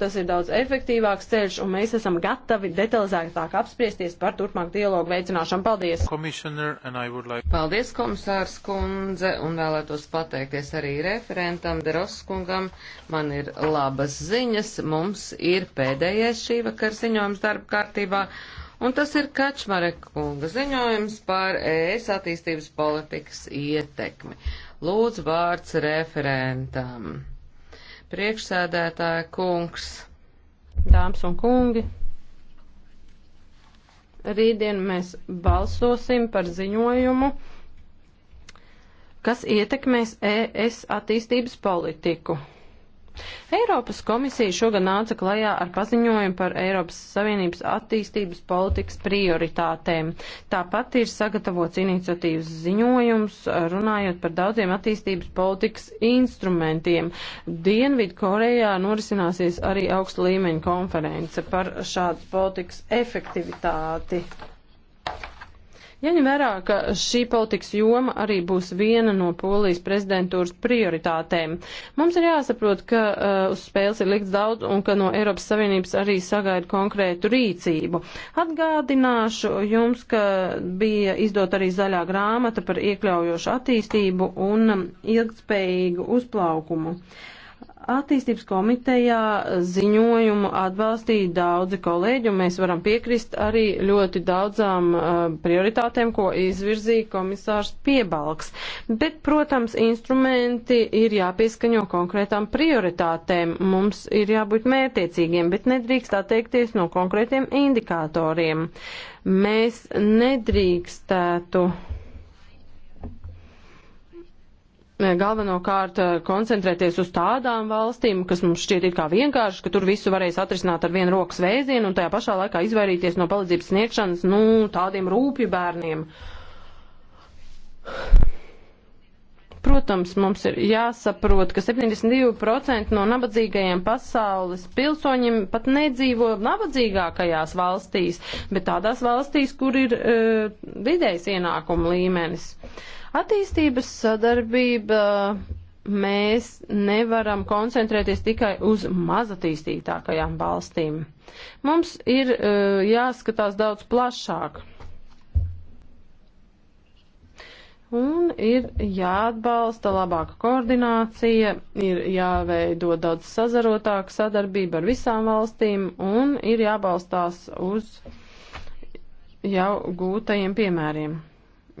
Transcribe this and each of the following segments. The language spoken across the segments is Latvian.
tas ir daudz efektīvāks ceļš, un mēs esam gatavi detalizētāk apspriesties par turpmāk dialogu veicināšanu. Paldies! Like... Paldies, komisārs kundze, un vēlētos pateikties arī referentam Deroskungam. Man ir labas ziņas, mums ir pēdējais šī vakar ziņojums darba kārtībā. Un tas ir Kačmareka kunga ziņojums par ES attīstības politikas ietekmi. Lūdzu vārds referentam. Priekšsēdētāja kungs, dāmas un kungi, rītdien mēs balsosim par ziņojumu, kas ietekmēs ES attīstības politiku. Eiropas komisija šogad nāca klajā ar paziņojumu par Eiropas Savienības attīstības politikas prioritātēm. Tāpat ir sagatavots iniciatīvas ziņojums, runājot par daudziem attīstības politikas instrumentiem. Dienvidu Korejā norisināsies arī augsta līmeņa konference par šādas politikas efektivitāti. Jaņem vērā, ka šī politikas joma arī būs viena no polijas prezidentūras prioritātēm. Mums ir jāsaprot, ka uh, uz spēles ir likts daudz un ka no Eiropas Savienības arī sagaida konkrētu rīcību. Atgādināšu jums, ka bija izdot arī zaļā grāmata par iekļaujošu attīstību un um, ilgtspējīgu uzplaukumu. Uh, Attīstības komitejā ziņojumu atbalstīja daudzi kolēģi, un mēs varam piekrist arī ļoti daudzām uh, prioritātēm, ko izvirzīja komisārs Piebalgs. Bet, protams, instrumenti ir jāpieskaņo konkrētām prioritātēm. Mums ir jābūt mērtiecīgiem, bet nedrīkst atteikties no konkrētiem indikatoriem. Mēs nedrīkstētu. Uh, galvenokārt eh, koncentrēties uz tādām valstīm, kas mums šķiet it kā vienkārši, ka tur visu varēs atrisināt ar vienu rokas vēzienu un tajā pašā laikā izvairīties no palīdzības sniegšanas, nu, tādiem rūpju bērniem. Protams, mums ir jāsaprot, ka 72% no nabadzīgajiem pasaules pilsoņiem pat nedzīvo nabadzīgākajās valstīs, bet tādās valstīs, kur ir uh, eh, vidējs ienākuma līmenis. Uh, Attīstības sadarbība mēs nevaram koncentrēties tikai uz mazatīstītākajām valstīm. Mums ir uh, jāskatās daudz plašāk. Un ir jāatbalsta labāka koordinācija, ir jāveido daudz sazarotāka sadarbība ar visām valstīm un ir jābalstās uz jau gūtajiem piemēriem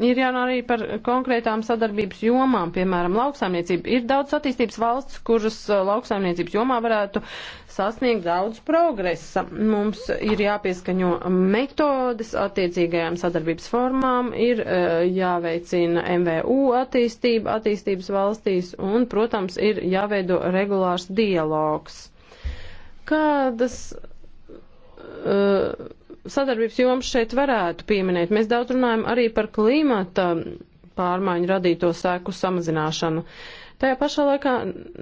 ir jārunā arī par konkrētām sadarbības jomām, piemēram, lauksaimniecība. Ir daudz attīstības valsts, kuras uh, lauksaimniecības jomā varētu sasniegt daudz progresa. Mums ir jāpieskaņo metodes attiecīgajām sadarbības formām, ir uh, jāveicina MVU attīstība attīstības valstīs un, protams, ir jāveido regulārs dialogs. Kādas. Uh, sadarbības jomas šeit varētu pieminēt? Mēs daudz runājam arī par klimata pārmaiņu radīto sēku samazināšanu. Tajā pašā laikā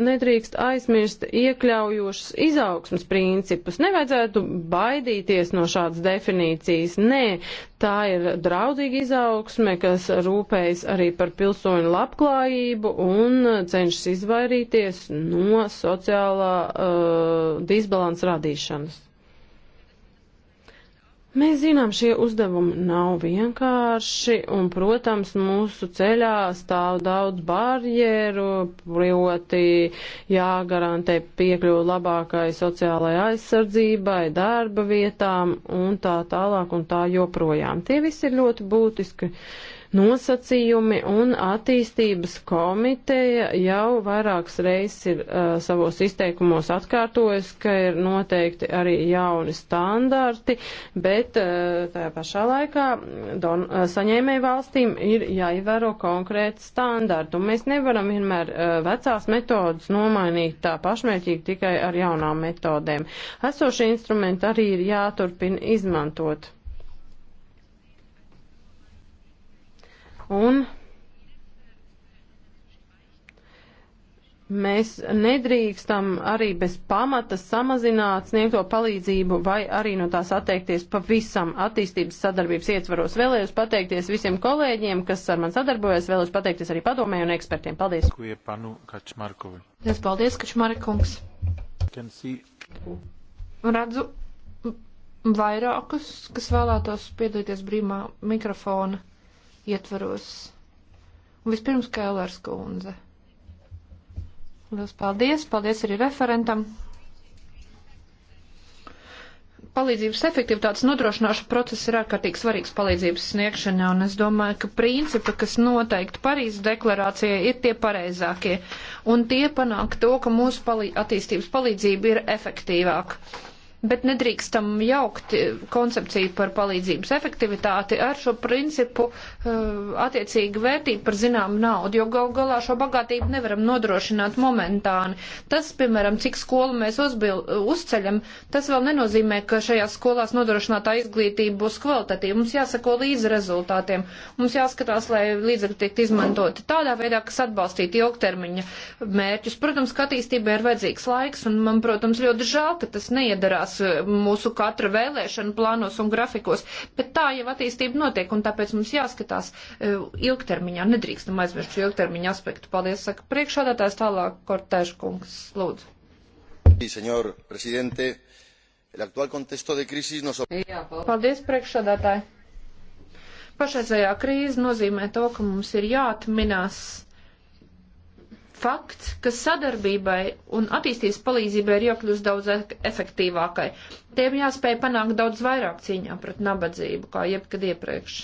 nedrīkst aizmirst iekļaujošas izaugsmas principus. Nevajadzētu baidīties no šādas definīcijas. Nē, tā ir draudzīga izaugsme, kas rūpējas arī par pilsoņu labklājību un cenšas izvairīties no sociālā uh, disbalansa radīšanas. Mēs zinām, šie uzdevumi nav vienkārši, un, protams, mūsu ceļā stāv daudz barjeru, proti jāgarantē piekļuvu labākai sociālai aizsardzībai, darba vietām un tā tālāk un tā joprojām. Tie visi ir ļoti būtiski nosacījumi, un attīstības komiteja jau vairākas reizes ir uh, savos izteikumos atkārtojas, ka ir noteikti arī jauni standarti, bet uh, tajā pašā laikā don, uh, saņēmēju valstīm ir jāievēro konkrēti standarti, un mēs nevaram vienmēr uh, vecās metodas nomainīt tā pašmērķīgi tikai ar jaunām metodēm. Esošie instrumenti arī ir jāturpina izmantot. Un mēs nedrīkstam arī bez pamata samazināt sniegto palīdzību vai arī no tās atteikties pavisam attīstības sadarbības ietvaros. Vēlējos pateikties visiem kolēģiem, kas ar mani sadarbojas, vēlējos pateikties arī padomē un ekspertiem. Paldies! Es paldies, Kačmarikungs! Redzu vairākus, kas vēlētos piedalīties brīvā mikrofona ietvaros. Un vispirms Kēlērs kundze. Lielas paldies, paldies arī referentam. Palīdzības efektivitātes nodrošināšana process ir ārkārtīgi svarīgs palīdzības sniegšanā, un es domāju, ka principi, kas noteikti Parīzes deklarācijai, ir tie pareizākie, un tie panāk to, ka mūsu palī attīstības palīdzība ir efektīvāka bet nedrīkstam jaukt koncepciju par palīdzības efektivitāti ar šo principu eh, attiecīgi vērtību par zināmu naudu, jo gal galā šo bagātību nevaram nodrošināt momentāni. Tas, piemēram, cik skolu mēs uzbil, uzceļam, tas vēl nenozīmē, ka šajās skolās nodrošinātā izglītība būs kvalitatīva. Mums jāsako līdzi rezultātiem. Mums jāskatās, lai līdzekļi tiek izmantoti tādā veidā, kas atbalstītu ilgtermiņa mērķus. Protams, ka attīstībai ir vajadzīgs laiks, un man, protams, ļoti žēl, ka tas neiedarās parādās eh, mūsu katra vēlēšana plānos un grafikos, bet tā jau attīstība notiek, un tāpēc mums jāskatās eh, ilgtermiņā, nedrīkstam aizmirst šo ilgtermiņa aspektu. Paldies, saka priekšādātājs tālāk, Kortēškungs, lūdzu. Jā, paldies, priekšādātāji. Pašreizējā krīze nozīmē to, ka mums ir jāatminās fakts, ka sadarbībai un attīstības palīdzībai ir jākļūst daudz efektīvākai. Tiem jāspēj panākt daudz vairāk cīņā pret nabadzību, kā jebkad iepriekš.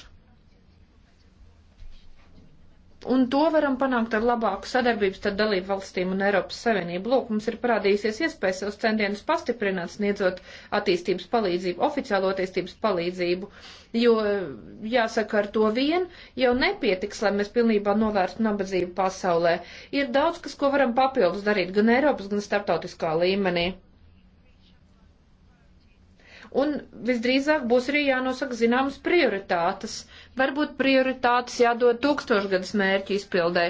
Un to varam panākt ar labāku sadarbību starp dalību valstīm un Eiropas Savienību. Lūk, mums ir parādījusies iespēja savus centienus pastiprināt, sniedzot attīstības palīdzību, oficiālo attīstības palīdzību, jo, jāsaka, ar to vien jau nepietiks, lai mēs pilnībā novērstu nabadzību pasaulē. Ir daudz, kas, ko varam papildus darīt gan Eiropas, gan starptautiskā līmenī un visdrīzāk būs arī jānosaka zināmas prioritātes. Varbūt prioritātes jādod tūkstošgadus mērķi izpildē.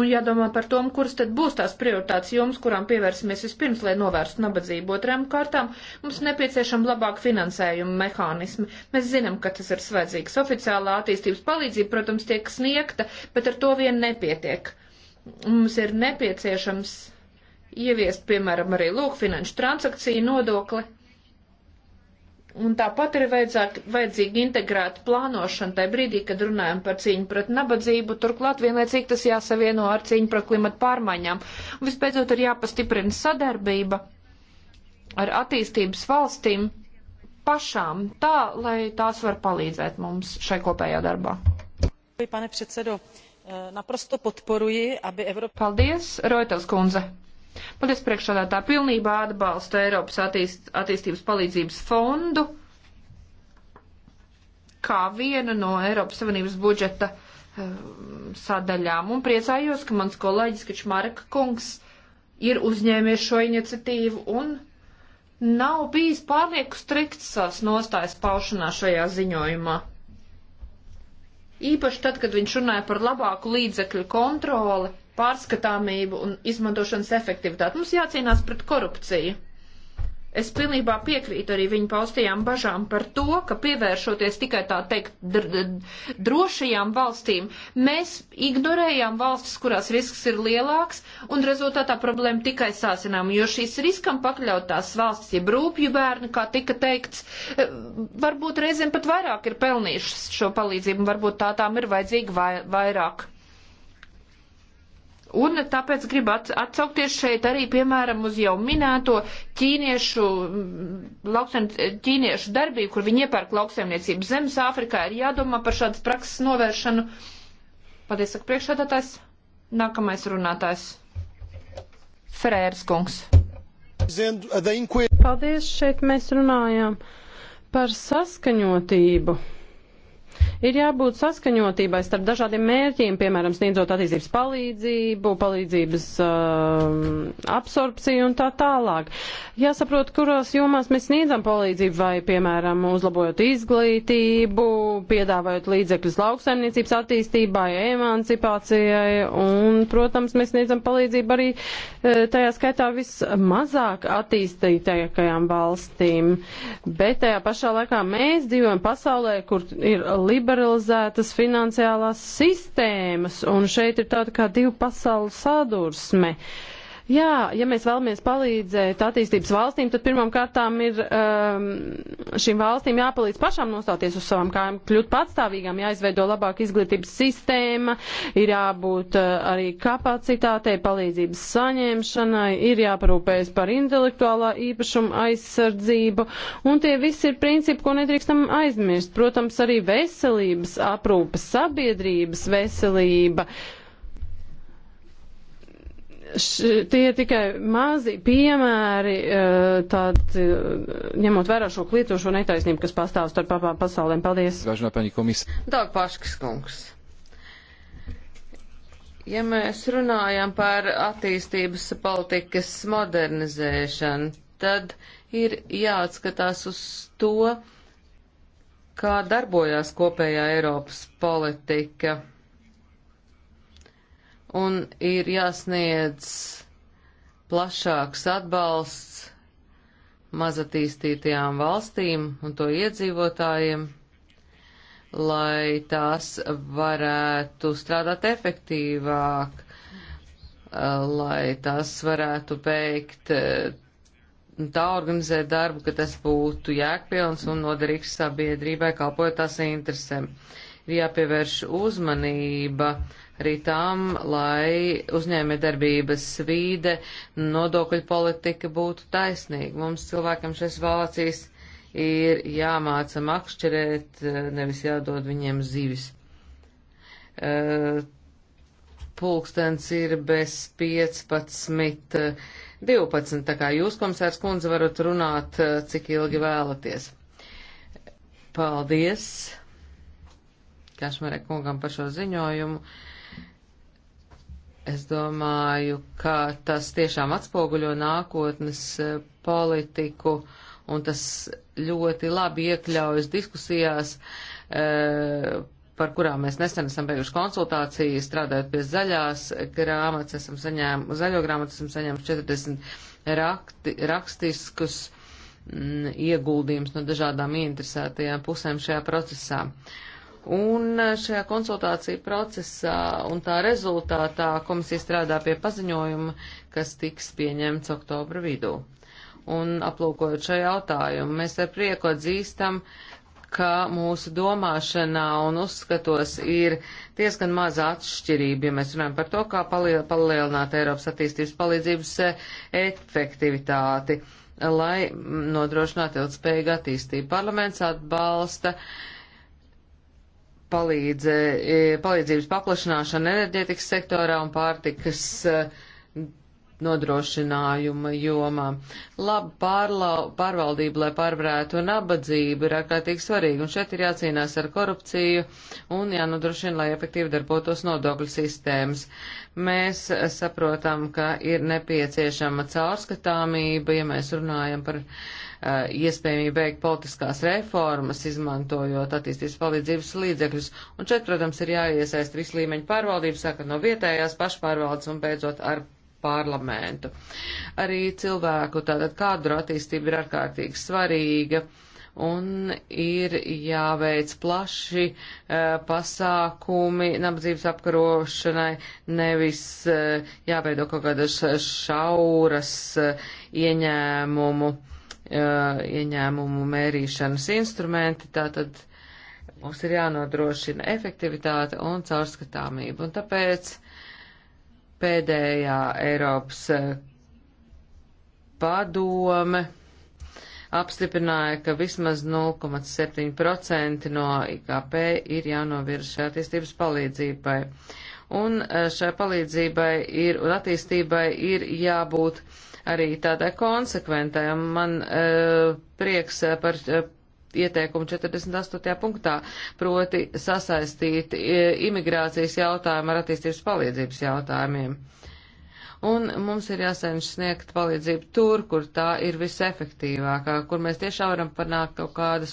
Un jādomā par tom, kuras tad būs tās prioritātes joms, kurām pievērsimies vispirms, lai novērstu nabadzību. Otrām kārtām mums nepieciešama labāka finansējuma mehānismi. Mēs zinām, ka tas ir svēdzīgs. Oficiālā attīstības palīdzība, protams, tiek sniegta, bet ar to vien nepietiek. Mums ir nepieciešams ieviest, piemēram, arī lūk finanšu transakciju nodokli Un tāpat ir vajadzīga integrēta plānošana tajā brīdī, kad runājam par cīņu pret nabadzību, turklāt vienlaicīgi tas jāsavieno ar cīņu pret klimatu pārmaiņām. Un visbeidzot ir jāpastiprina sadarbība ar attīstības valstīm pašām, tā, lai tās var palīdzēt mums šai kopējā darbā. Pane predsedo, e, naprosto podporuji, aby Evropa... Paldies, Roitels kundze. Paldies priekšādātā pilnībā atbalstu Eiropas attīst, attīstības palīdzības fondu kā vienu no Eiropas Savienības budžeta um, sadaļām. Un priecājos, ka mans kolēģis Kačmarka kungs ir uzņēmies šo iniciatīvu un nav bijis pārlieku strikts savas nostājas paušanā šajā ziņojumā. Īpaši tad, kad viņš runāja par labāku līdzekļu kontroli pārskatāmību un izmantošanas efektivitāti. Mums jācīnās pret korupciju. Es pilnībā piekrītu arī viņu paustajām bažām par to, ka pievēršoties tikai tā teikt drošajām valstīm, mēs ignorējām valstis, kurās risks ir lielāks, un rezultātā problēma tikai sāsinām, jo šīs riskam pakļautās valstis, ja brūpju bērni, kā tika teikts, eh, varbūt reizēm pat vairāk ir pelnījušas šo palīdzību, un varbūt tā tām ir vajadzīga vai, vairāk. Un tāpēc gribu atsaukties šeit arī, piemēram, uz jau minēto ķīniešu, mm, lauksaim, ķīniešu darbību, kur viņi iepērk lauksaimniecības zemes Āfrikā. Ir jādomā par šādas prakses novēršanu. Paldies, saka priekšādātājs. Nākamais runātājs. Frērs kungs. Paldies, šeit mēs runājām par saskaņotību. Ir jābūt saskaņotībai starp dažādiem mērķiem, piemēram, sniedzot attīstības palīdzību, palīdzības um, absorpciju un tā tālāk. Jāsaprot, kurās jomās mēs sniedzam palīdzību vai, piemēram, uzlabojot izglītību, piedāvājot līdzekļus lauksaimniecības attīstībai, emancipācijai un, protams, mēs sniedzam palīdzību arī e, tajā skaitā vismazāk attīstītākajām valstīm. Bet tajā pašā laikā mēs dzīvojam pasaulē, kur ir liberalizētas finansiālās sistēmas, un šeit ir tāda kā divu pasaules sadursme. Uh, Jā, ja mēs vēlamies palīdzēt attīstības valstīm, tad pirmām kārtām ir um, šīm valstīm jāpalīdz pašām nostāties uz savām kājām, kļūt patstāvīgām, jāizveido labāka izglītības sistēma, ir jābūt uh, arī kapacitātei, palīdzības saņemšanai, ir jāparūpējas par intelektuālā īpašuma aizsardzību, un tie visi ir principi, ko nedrīkstam aizmirst. Protams, arī veselības aprūpas, sabiedrības veselība. Uh, Š, tie ir tikai mazi piemēri, e, tād, e, ņemot vērā šo klietošo netaisnību, kas pastāv starp abām pasaulēm. Paldies! Važnā paņi komisija. Dag Paškas kungs. Ja mēs runājam par attīstības politikas modernizēšanu, tad ir jāatskatās uz to, kā darbojās kopējā Eiropas politika un ir jāsniedz plašāks atbalsts mazatīstītajām valstīm un to iedzīvotājiem, lai tās varētu strādāt efektīvāk, eh, lai tās varētu veikt eh, tā organizēt darbu, ka tas būtu jēgpilns un noderīgs sabiedrībai, kalpojot tās interesēm. Ir jāpievērš uzmanība uh, arī tām, lai uzņēmē darbības vīde, nodokļu politika būtu taisnīga. Mums cilvēkam šis Vācijas ir jāmāca makšķerēt, nevis jādod viņiem zivis. Eh, pulkstens ir bez 15, 12, eh, tā kā jūs, komisārs kundze, varat runāt, eh, cik ilgi vēlaties. Paldies Kašmarek kungam par šo ziņojumu. Uh, Es domāju, ka tas tiešām atspoguļo nākotnes e, politiku un tas ļoti labi iekļaujas diskusijās, e, par kurām mēs nesen esam beiguši konsultāciju, strādājot pie zaļās grāmatas, esam saņēmuši, zaļo grāmatu esam saņēmuši 40 rakti, rakstiskus m, mm, ieguldījums no dažādām interesētajām pusēm šajā procesā. Uh, Un eh, šajā konsultāciju procesā un tā rezultātā komisija strādā pie paziņojuma, kas tiks pieņemts oktobra vidū. Un aplūkojot šo jautājumu, mēs ar prieku atzīstam, ka mūsu domāšanā un uzskatos ir diezgan maza atšķirība, ja mēs runājam par to, kā palielināt Eiropas attīstības palīdzības eh, efektivitāti, lai nodrošinātu ilgspējīgu attīstību. Parlaments atbalsta uh, palīdze, e, palīdzības paplašināšana enerģētikas sektorā un pārtikas e, nodrošinājuma jomā. Laba pārlau, pārvaldība, lai pārvarētu nabadzību, ir ārkārtīgi svarīga, un šeit ir jācīnās ar korupciju un jānodrošina, lai efektīvi darbotos nodokļu sistēmas. Mēs saprotam, ka ir nepieciešama caurskatāmība, ja mēs runājam par uh, Eh, iespējamību veikt politiskās reformas, izmantojot attīstības palīdzības līdzekļus. Un šeit, protams, ir jāiesaist visu līmeņu pārvaldību, sākot no vietējās pašpārvaldes un beidzot ar parlamentu. Arī cilvēku tātad kadru attīstība ir ārkārtīgi svarīga un ir jāveic plaši e, pasākumi nabadzības apkarošanai, nevis e, jāveido kaut kādas šauras e, ieņēmumu ieņēmumu mērīšanas instrumenti, tātad mums ir jānodrošina efektivitāte un caurskatāmība. Un tāpēc pēdējā Eiropas padome apstiprināja, ka vismaz 0,7% no IKP ir jānovirza attīstības palīdzībai. Un šai palīdzībai ir, un attīstībai ir jābūt uh, arī tādai konsekventai. Man uh, prieks e, par uh, ieteikumu 48. punktā, proti sasaistīt imigrācijas jautājumu ar attīstības palīdzības jautājumiem. Un mums ir jāsaņš sniegt palīdzību tur, kur tā ir visefektīvākā, kur mēs tiešām varam panākt kaut kādas.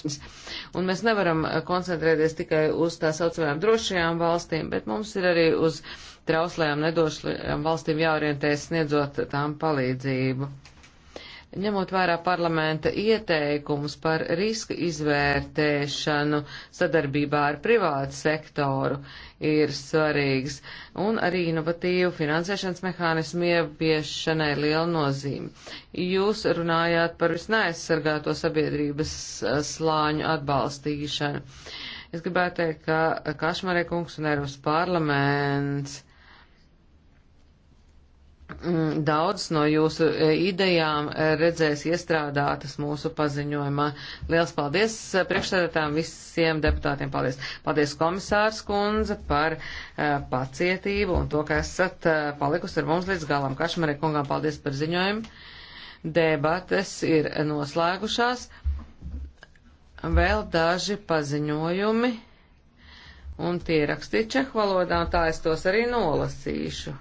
Un mēs nevaram koncentrēties tikai uz tā saucamajām drošajām valstīm, bet mums ir arī uz uh, trauslajām nedošajām valstīm jāorientēs sniedzot tām palīdzību. Ņemot vērā parlamenta ieteikumus par riska izvērtēšanu sadarbībā ar privātu sektoru ir svarīgs, un arī inovatīvu finansēšanas mehānismu ieviešanai liela nozīme. Jūs runājāt par visneaizsargāto sabiedrības slāņu atbalstīšanu. Es gribētu teikt, ka Kašmarē kungs un Eiropas parlaments Mm, daudz no jūsu e, idejām e, redzēs iestrādātas mūsu paziņojumā. Liels paldies e, priekšsēdētām visiem deputātiem. Paldies, paldies komisārs kundze par pacietību un to, ka esat palikusi ar mums līdz galam. Kašmarē kungām paldies par ziņojumu. Debates ir noslēgušās. Vēl daži paziņojumi un tie rakstīja čehvalodā, un tā es tos arī nolasīšu.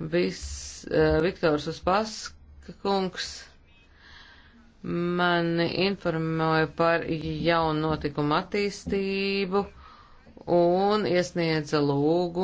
Vis, uh, Viktors Uspaskungs mani informēja par jaunu notikumu attīstību un iesniedza lūgumu.